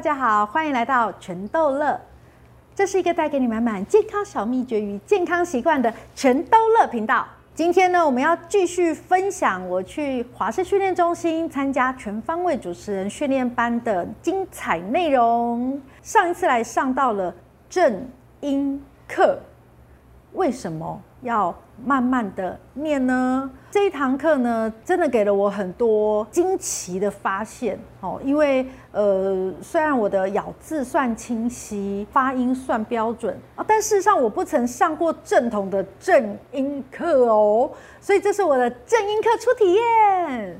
大家好，歡迎來到全豆樂。這是一個帶給你滿滿健康小秘訣與健康習慣的全豆樂頻道。今天呢，我們要繼續分享我去華視訓練中心參加全方位主持人訓練班的精彩內容。上一次來上到了正音課，為什麼要慢慢的念呢，這一堂課呢，真的給了我很多驚奇的發現哦。因為呃，雖然我的咬字算清晰，發音算標準啊，但事實上我不曾上過正統的正音課哦。所以這是我的正音課初體驗，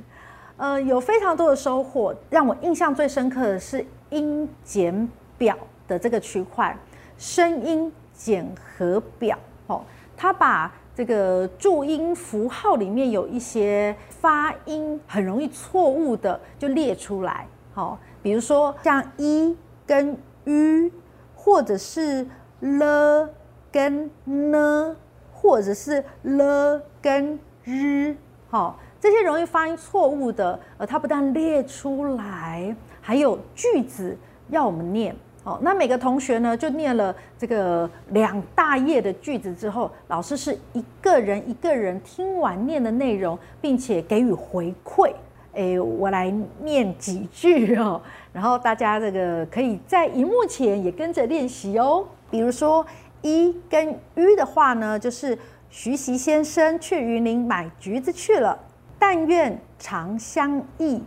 呃，有非常多的收穫。讓我印象最深刻的是音檢表的這個區塊，聲音檢核表哦，它把這個注音符號裡面有一些發音很容易錯誤的，就列出來。好，比如說像一跟於或者是了跟呢，或者是了跟日。好，這些容易發音錯誤的，呃，它不但列出來，還有句子要我們念。哦、那每個同學呢，就念了這個兩大頁的句子之後，老師是一個人一個人聽完念的內容，並且給予回饋。哎、欸，我來念幾句哦，然後大家這個可以在螢幕前也跟着練習哦。比如說一跟於的話呢，就是徐習先生去雲林買橘子去了，但願長相憶，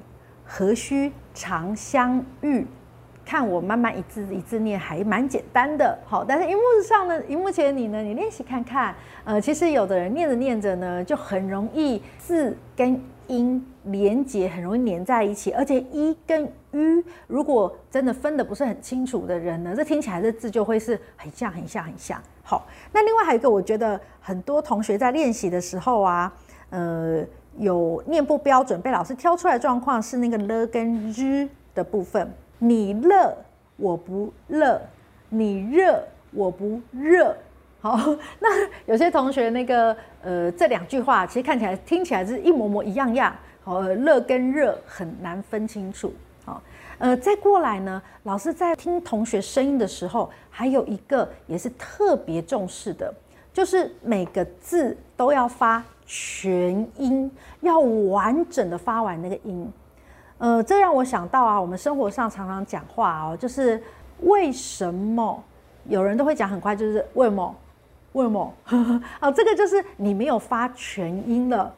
何須長相遇。看我慢慢一字一字念，還蠻簡單的，好。但是熒幕上呢，熒幕前你呢，你練習看看。呃，其實有的人念着念着呢，就很容易字跟音連接，很容易連在一起。而且“一”跟“籲”，如果真的分得不是很清楚的人呢，這聽起來這字就會是很像、很像、很像。好，那另外還有一個，我覺得很多同學在練習的時候啊，呃，有念不標準被老師挑出來的狀況是那個“了”跟“籲”的部分。你樂，我不樂；你熱，我不熱。好，那有些同學那個呃，這兩句話其實看起來、聽起來是一模模、一樣樣。好，樂跟熱很難分清楚。好，呃，再過來呢，老師在聽同學聲音的時候，還有一個也是特別重視的，就是每個字都要發全音，要完整的發完那個音。呃，這讓我想到啊，我們生活上常常講話哦，就是為什麼有人都會講很快，就是為什麼為什麼，為什麼呵呵？哦，這個就是你沒有發全音了。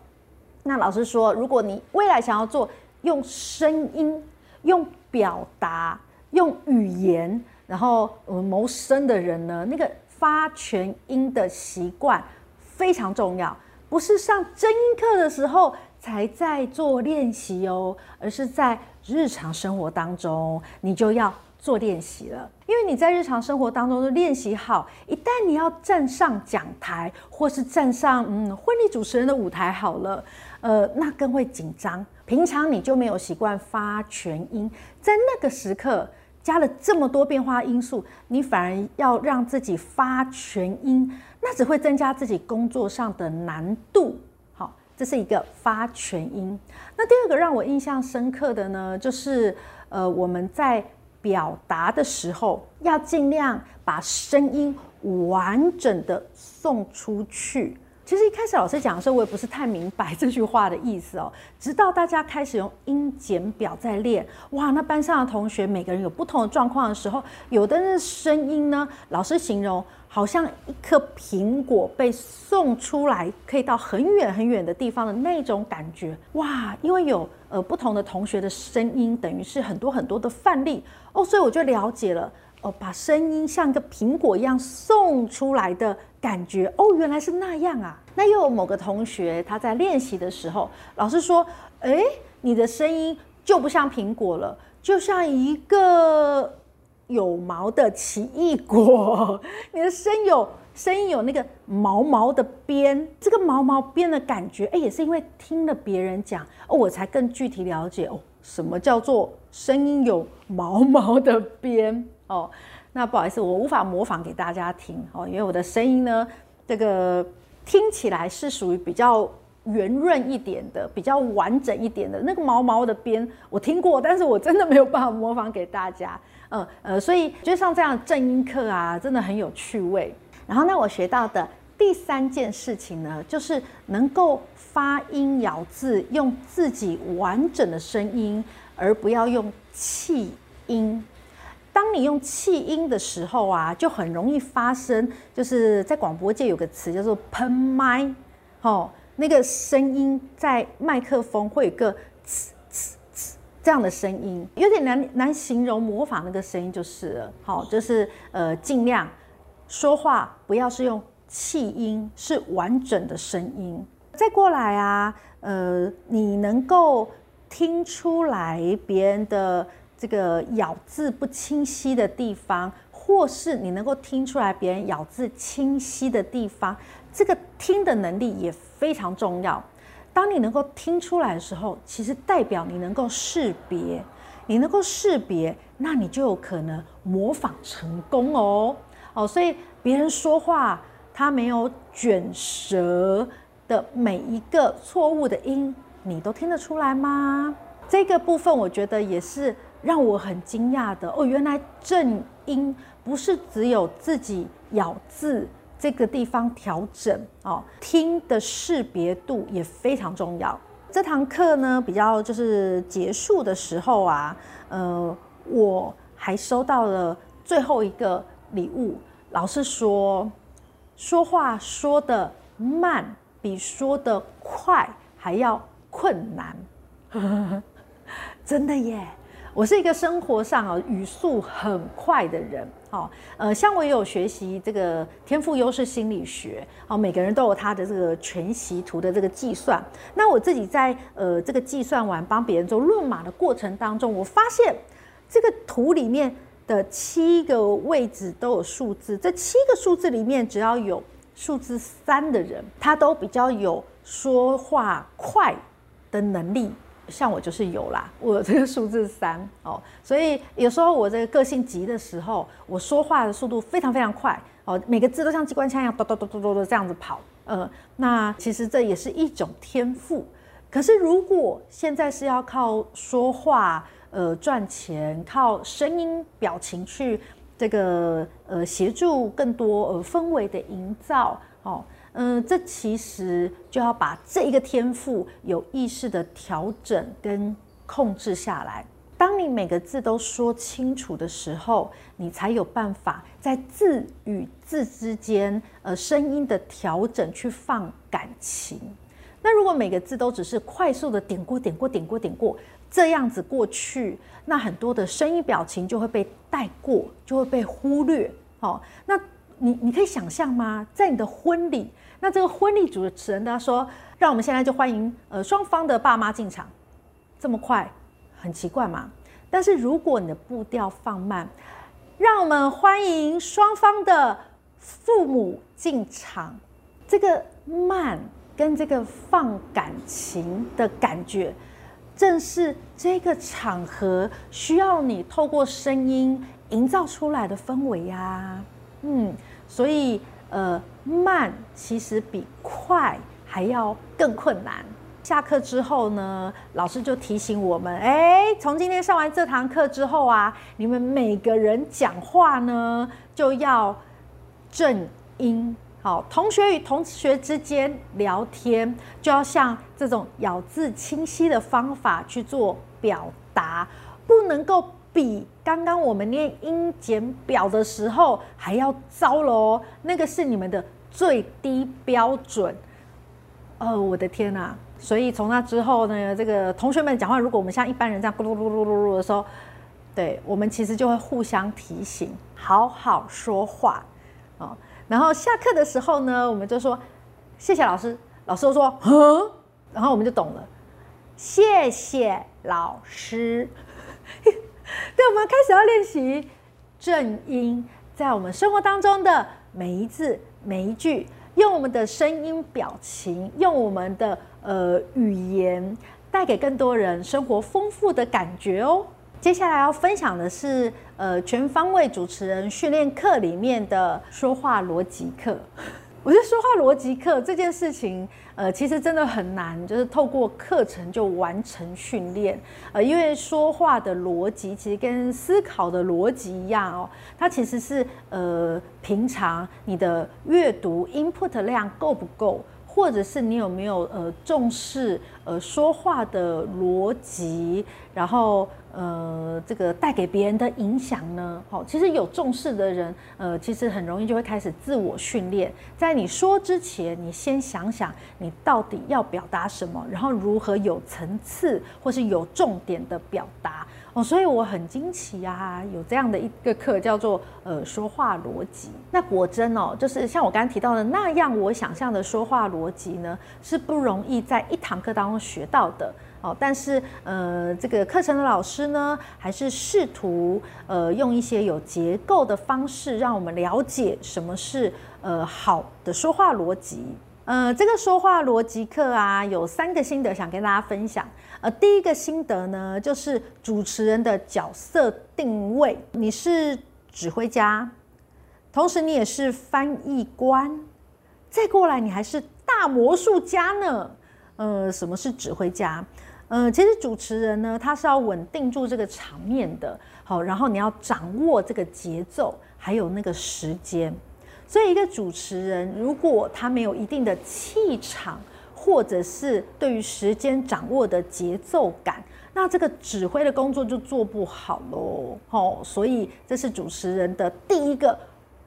那老師說，如果你未來想要做用聲音、用表達、用語言，然後我們謀生的人呢，那個發全音的習慣非常重要，不是上正音課的時候。才在做練習哦，而是在日常生活當中，你就要做練習了。因為你在日常生活當中的練習好，一旦你要站上講台，或是站上嗯婚禮主持人的舞台好了，呃，那更會緊張。平常你就沒有習慣發全音，在那個時刻加了這麼多變化因素，你反而要讓自己發全音，那只會增加自己工作上的難度。這是一個發全音。那第二個讓我印象深刻的呢，就是呃，我們在表達的時候要盡量把聲音完整的送出去。其實一開始老師講的時候，我也不是太明白這句話的意思哦。直到大家開始用音檢表在練，哇，那班上的同學每個人有不同的狀況的時候，有的人聲音呢，老師形容好像一顆蘋果被送出來，可以到很遠很遠的地方的那種感覺，哇！因為有呃不同的同學的聲音，等於是很多很多的範例哦，所以我就了解了哦，把聲音像一個蘋果一樣送出來的。感覺哦，原來是那樣啊！那又有某個同學他在練習的時候，老師說：“欸，你的聲音就不像蘋果了，就像一個有毛的奇異果。你的聲有聲音有那個毛毛的邊，這個毛毛邊的感覺，欸，也是因為聽了別人講，哦，我才更具體了解哦，什麼叫做聲音有毛毛的邊哦。”那不好意思，我無法模仿給大家聽哦，因為我的聲音呢，這個聽起來是屬於比較圓潤一點的，比較完整一點的那個毛毛的邊，我聽過，但是我真的沒有辦法模仿給大家。呃、嗯、呃，所以就像這樣的正音課啊，真的很有趣味。然後那我學到的第三件事情呢，就是能夠發音咬字，用自己完整的聲音，而不要用氣音。當你用氣音的時候啊，就很容易發生。就是在廣播界有個詞叫做“噴麥”，吼、哦，那個聲音在麥克風會有個嘶“呲呲呲”這樣的聲音，有點難難形容。模仿那個聲音就是了。吼、哦，就是呃，盡量說話不要是用氣音，是完整的聲音。再過來啊，呃，你能夠聽出來別人的。這個咬字不清晰的地方，或是你能夠聽出來別人咬字清晰的地方，這個聽的能力也非常重要。當你能夠聽出來的時候，其實代表你能夠識別，你能夠識別，那你就有可能模仿成功哦。哦，所以別人說話他沒有捲舌的每一個錯誤的音，你都聽得出來嗎？這個部分我覺得也是。讓我很驚訝的哦，原來正音不是只有自己咬字這個地方調整哦，聽的識別度也非常重要。這堂課呢，比較就是結束的時候啊，呃，我還收到了最後一個禮物。老師說，說話說得慢比說得快還要困難， 真的耶。我是一個生活上啊語速很快的人，好，呃，像我也有學習這個天賦優勢心理學，好，每個人都有他的這個全息圖的這個計算。那我自己在呃這個計算完幫別人做論碼的過程當中，我發現這個圖裡面的七個位置都有數字，這七個數字裡面只要有數字三的人，他都比較有說話快的能力。像我就是有啦，我這個數字三哦，所以有時候我這個個性急的時候，我說話的速度非常非常快哦，每個字都像機關槍一樣嘟嘟嘟嘟嘟這樣子跑，呃，那其實這也是一種天賦。可是如果現在是要靠說話呃賺錢，靠聲音表情去這個呃協助更多呃氛圍的營造哦。嗯，這其實就要把這一個天賦有意識的調整跟控制下來。當你每個字都說清楚的時候，你才有辦法在字與字之間，呃，聲音的調整去放感情。那如果每個字都只是快速的點過、點過、點過、點過，這樣子過去，那很多的聲音表情就會被帶過，就會被忽略。哦，那你你可以想象嗎？在你的婚禮，那這個婚禮主持人，他說：“讓我們現在就歡迎呃雙方的爸媽進場。”這麼快，很奇怪嘛。但是如果你的步調放慢，讓我們歡迎雙方的父母進場，這個慢跟這個放感情的感覺，正是這個場合需要你透過聲音營造出來的氛圍呀。嗯，所以。呃，慢其實比快還要更困難。下課之後呢，老師就提醒我們：哎、欸，從今天上完這堂課之後啊，你們每個人講話呢就要正音。好，同學與同學之間聊天就要像這種咬字清晰的方法去做表達，不能夠。比剛剛我們念音檢表的時候還要糟了哦，那個是你們的最低標準。哦，我的天哪，啊！所以從那之後呢，這個同學們講話，如果我們像一般人這樣咕嚕嚕嚕嚕嚕的時候，對，我們其實就會互相提醒，好好說話啊，哦，然後下課的時候呢，我們就說謝謝老師，老師都說嗯，然後我們就懂了，謝謝老師。對，我們開始要練習正音，在我們生活當中的每一字每一句，用我們的聲音表情，用我們的呃語言，帶給更多人生活豐富的感覺哦。接下來要分享的是呃全方位主持人訓練課裡面的說話邏輯課，我覺得說話邏輯課這件事情。呃，其實真的很難，就是透過課程就完成訓練，呃，因為說話的邏輯其實跟思考的邏輯一樣哦，它其實是呃平常你的閱讀 input 量夠不夠。或者是你有沒有呃重視呃說話的邏輯，然後呃這個帶給別人的影響呢？好，其實有重視的人，呃，其實很容易就會開始自我訓練，在你說之前，你先想想你到底要表達什麼，然後如何有層次或是有重點的表達。哦，所以我很驚奇啊，有這樣的一個課叫做呃說話邏輯。那果真哦，就是像我剛才提到的那樣，我想象的說話邏輯呢是不容易在一堂課當中學到的哦。但是呃，這個課程的老師呢，還是試圖呃用一些有結構的方式，讓我們了解什麼是呃好的說話邏輯。呃，這個說話邏輯課啊，有三個心得想跟大家分享。呃，第一個心得呢，就是主持人的角色定位。你是指揮家，同時你也是翻譯官，再過來你還是大魔術家呢。呃，什麼是指揮家？呃，其實主持人呢，他是要穩定住這個場面的。好，然後你要掌握這個節奏，還有那個時間。所以，一個主持人如果他沒有一定的氣場，或者是對於時間掌握的節奏感，那這個指揮的工作就做不好嘍。好，哦，所以這是主持人的第一個，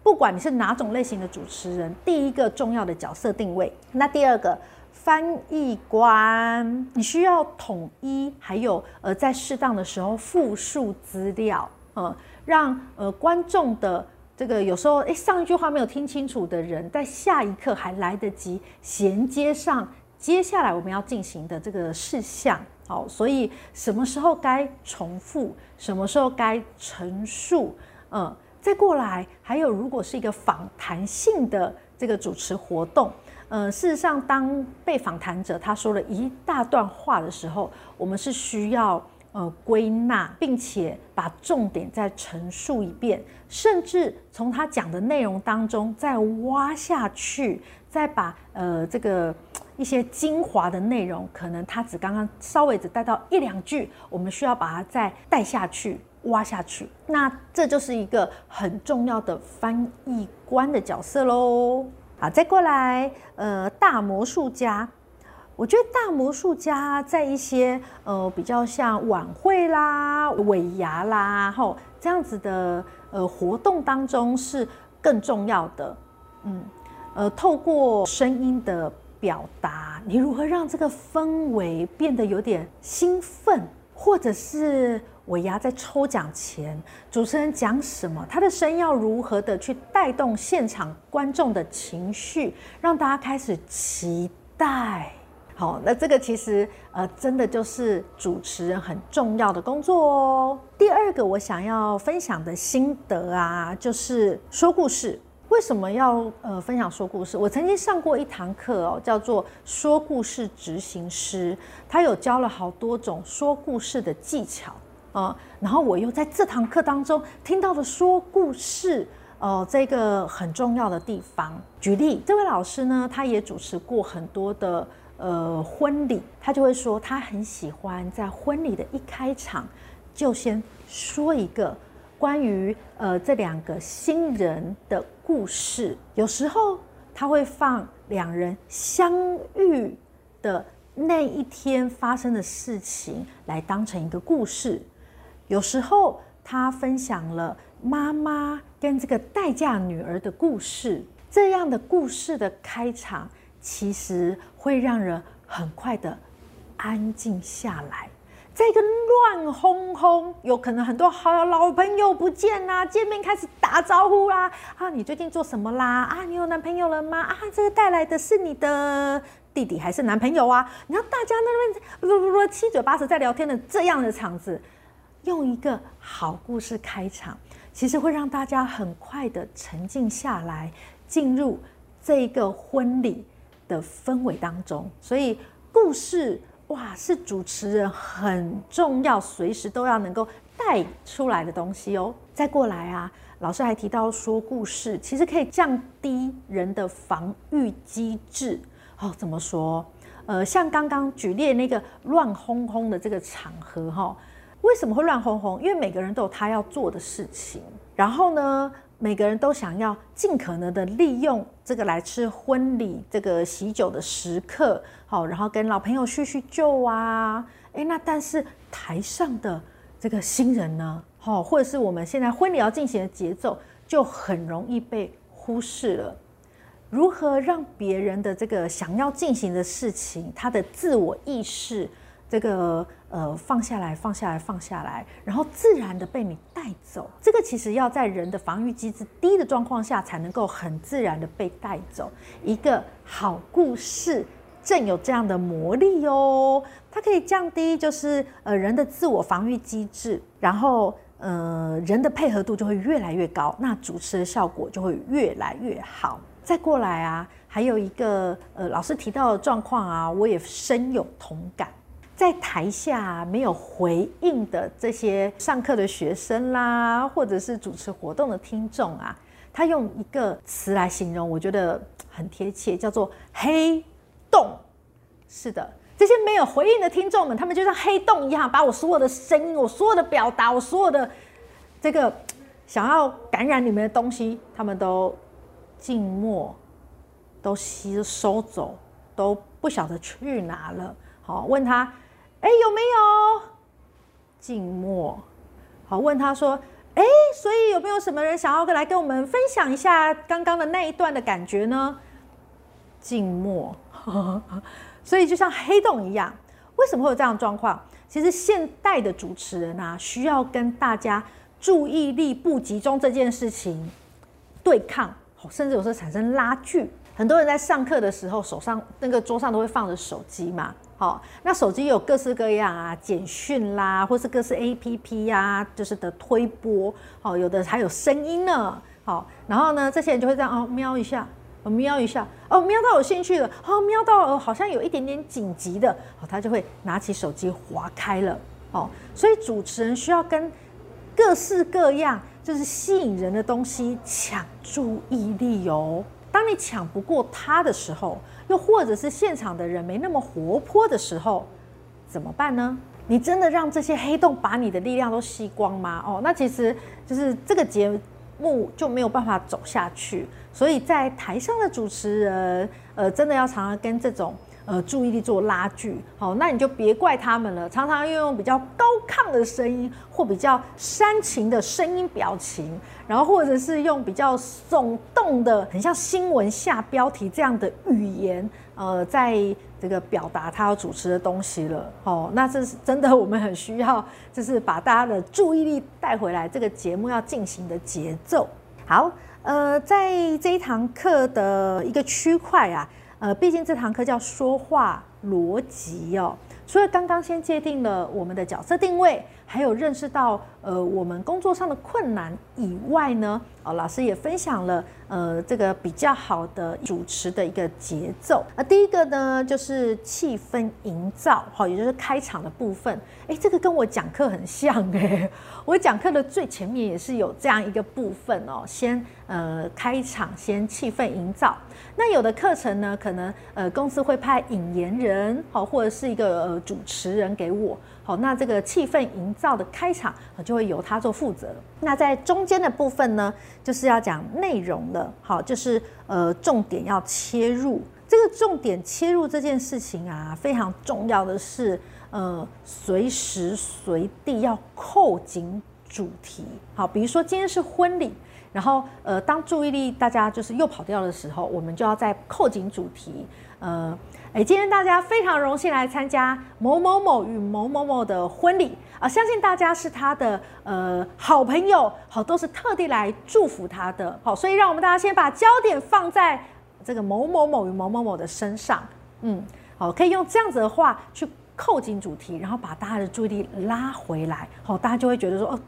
不管你是哪種類型的主持人，第一個重要的角色定位。那第二個，翻譯官，你需要統一，還有呃，在適當的時候複述資料，嗯，呃，讓呃觀眾的。這個有時候，誒，上一句話沒有聽清楚的人，在下一刻還來得及銜接上接下來我們要進行的這個事項，好，所以什麼時候該重複，什麼時候該陳述，嗯，再過來，還有如果是一個訪談性的這個主持活動，嗯，事實上，當被訪談者他說了一大段話的時候，我們是需要。呃，歸納，並且把重點再陳述一遍，甚至從他講的內容當中再挖下去，再把呃這個一些精華的內容，可能他只剛剛稍微只帶到一兩句，我們需要把它再帶下去，挖下去。那這就是一個很重要的翻譯官的角色嘍。好，再過來，呃，大魔術家。我覺得大魔術家在一些呃比較像晚會啦、尾牙啦、吼這樣子的呃活動當中是更重要的。嗯，呃，透過聲音的表達，你如何讓這個氛圍變得有點興奮，或者是尾牙在抽獎前，主持人講什麼，他的聲音要如何的去帶動現場觀眾的情緒，讓大家開始期待。好，那這個其實呃，真的就是主持人很重要的工作哦。第二個我想要分享的心得啊，就是說故事。為什麼要呃分享說故事？我曾經上過一堂課哦，叫做“說故事執行師”，他有教了好多種說故事的技巧啊、呃。然後我又在這堂課當中聽到了說故事哦、呃，這個很重要的地方。舉例，這位老師呢，他也主持過很多的。呃，婚禮他就會說，他很喜歡在婚禮的一開場就先說一個關於呃這兩個新人的故事。有時候他會放兩人相遇的那一天發生的事情來當成一個故事。有時候他分享了媽媽跟這個待嫁女兒的故事，這樣的故事的開場。其實會讓人很快的安靜下來，這個亂哄哄，有可能很多老朋友不見啦、啊，見面開始打招呼啦、啊，啊，你最近做什麼啦？啊，你有男朋友了嗎？啊，這個帶來的是你的弟弟還是男朋友啊？然後大家那邊如不、呃呃呃、七嘴八舌在聊天的這樣的場子，用一個好故事開場，其實會讓大家很快的沉靜下來，進入這個婚禮。的氛圍當中，所以故事哇是主持人很重要，隨時都要能夠帶出來的東西哦。再過來啊，老師還提到說，故事其實可以降低人的防禦機制。哦，怎麼說？呃，像剛剛舉例那個亂哄哄的這個場合哈，哦，為什麼會亂哄哄？因為每個人都有他要做的事情，然後呢？每個人都想要盡可能的利用這個來吃婚禮這個喜酒的時刻，好，然後跟老朋友敘敘舊啊，誒，那但是台上的這個新人呢，好，或者是我們現在婚禮要進行的節奏，就很容易被忽視了。如何讓別人的這個想要進行的事情，他的自我意識，這個呃放下來，放下來，放下來，然後自然的被你帶走。這個其實要在人的防禦機制低的狀況下，才能夠很自然的被帶走。一個好故事正有這樣的魔力哦，它可以降低就是呃人的自我防禦機制，然後呃人的配合度就會越來越高，那主持的效果就會越來越好。再過來啊，還有一個呃老師提到的狀況啊，我也深有同感。在台下沒有回應的這些上課的學生啦，或者是主持活動的聽眾啊，他用一個詞來形容，我覺得很貼切，叫做黑洞。是的，這些沒有回應的聽眾們，他們就像黑洞一樣，把我所有的聲音、我所有的表達、我所有的這個想要感染你們的東西，他們都靜默，都吸收走，都不曉得去哪了。好，問他。哎，有沒有？靜默。好，問他說：哎，所以有沒有什麼人想要來跟我們分享一下剛剛的那一段的感覺呢？靜默，呵呵，所以就像黑洞一樣。為什麼會有這樣的狀況？其實現代的主持人啊，需要跟大家注意力不集中這件事情對抗，甚至有時候產生拉鋸。很多人在上課的時候，手上那個桌上都會放着手機嘛。好，那手機有各式各樣啊，簡訊啦，或是各式 APP 呀、啊，就是的推播，好，有的還有聲音呢。好，然後呢，這些人就會這樣哦，瞄一下，我、哦、瞄一下，哦，瞄到有興趣了，哦，瞄到好像有一點點緊急的，好、哦，他就會拿起手機滑開了。哦，所以主持人需要跟各式各樣就是吸引人的東西搶注意力哦。當你搶不過他的時候，又或者是現場的人沒那麼活潑的時候，怎麼辦呢？你真的讓這些黑洞把你的力量都吸光嗎？哦，那其實就是這個節目就沒有辦法走下去。所以在台上的主持人，呃，真的要常常跟這種。呃，注意力做拉鋸，好、哦，那你就別怪他們了。常常運用比較高亢的聲音，或比較煽情的聲音表情，然後或者是用比較聳動的，很像新聞下標題這樣的語言，呃，在這個表達他要主持的東西了。哦，那這是真的，我們很需要，就是把大家的注意力帶回來，這個節目要進行的節奏。好，呃，在這一堂課的一個區塊啊。呃，畢竟這堂課叫說話邏輯哦，所以剛剛先界定了我們的角色定位。還有認識到呃我們工作上的困難以外呢，哦老師也分享了呃這個比較好的主持的一個節奏，那、啊、第一個呢就是氣氛營造哈、哦，也就是開場的部分，哎這個跟我講課很像哎、欸，我講課的最前面也是有這樣一個部分哦，先呃開場，先氣氛營造，那有的課程呢可能呃公司會派引言人好、哦、或者是一個呃主持人給我。好，那這個氣氛營造的開場，就會由他做負責。那在中間的部分呢，就是要講內容了。好，就是呃，重點要切入。這個重點切入這件事情啊，非常重要的是，呃，隨時隨地要扣緊主題。好，比如說今天是婚禮，然後呃，當注意力大家就是又跑掉的時候，我們就要再扣緊主題。呃。欸、今天大家非常榮幸來參加某某某與某某某的婚禮啊！相信大家是他的呃好朋友，好，都是特地來祝福他的，好，所以讓我們大家先把焦點放在這個某某某與某某某的身上，嗯，好，可以用這樣子的話去扣緊主題，然後把大家的注意力拉回來，好，大家就會覺得說，哦，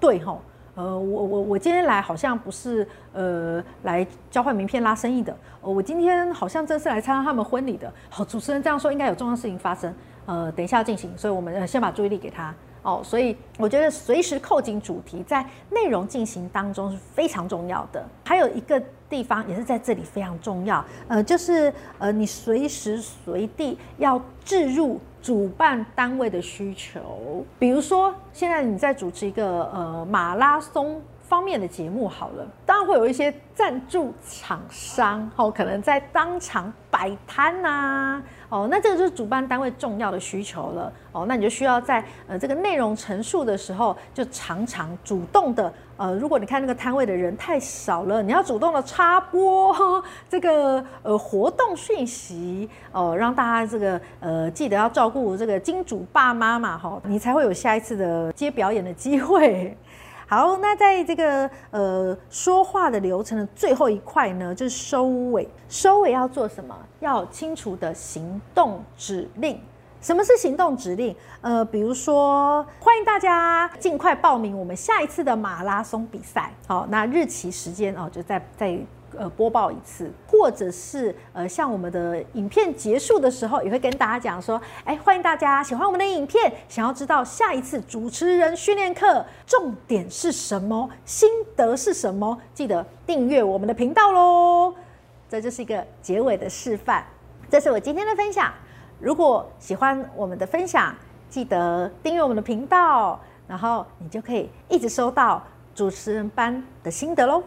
對齁，呃，我我我今天來好像不是呃來交換名片拉生意的，呃、我今天好像真是來參加他們婚禮的。好，哦，主持人這樣說應該有重要事情發生，呃，等一下要進行，所以我們先把注意力給他哦。所以我覺得隨時扣緊主題，在內容進行當中是非常重要的。還有一個。地方也是在這裡非常重要，呃，就是呃，你隨時隨地要置入主辦單位的需求。比如說，現在你在主持一個呃馬拉松方面的節目好了，當然會有一些贊助廠商，哦，可能在當場擺攤吶，哦，那這個就是主辦單位重要的需求了，哦，那你就需要在呃這個內容陳述的時候，就常常主動的。呃，如果你看那個攤位的人太少了，你要主動的插播這個呃活動訊息哦，呃，讓大家這個呃記得要照顧這個金主爸媽嘛齁，你才會有下一次的接表演的機會。好，那在這個呃說話的流程的最後一塊呢，就是收尾，收尾要做什麼？要清楚的行動指令。什麼是行動指令？呃，比如說，歡迎大家盡快報名我們下一次的馬拉松比賽。好，那日期時間哦，就再再呃播報一次。或者是呃，像我們的影片結束的時候，也會跟大家講說，誒，歡迎大家喜歡我們的影片，想要知道下一次主持人訓練課重點是什麼、心得是什麼，記得訂閱我們的頻道嘍。這就是一個結尾的示範。這是我今天的分享。如果喜歡我們的分享，記得訂閱我們的頻道，然後你就可以一直收到主持人班的心得嘍。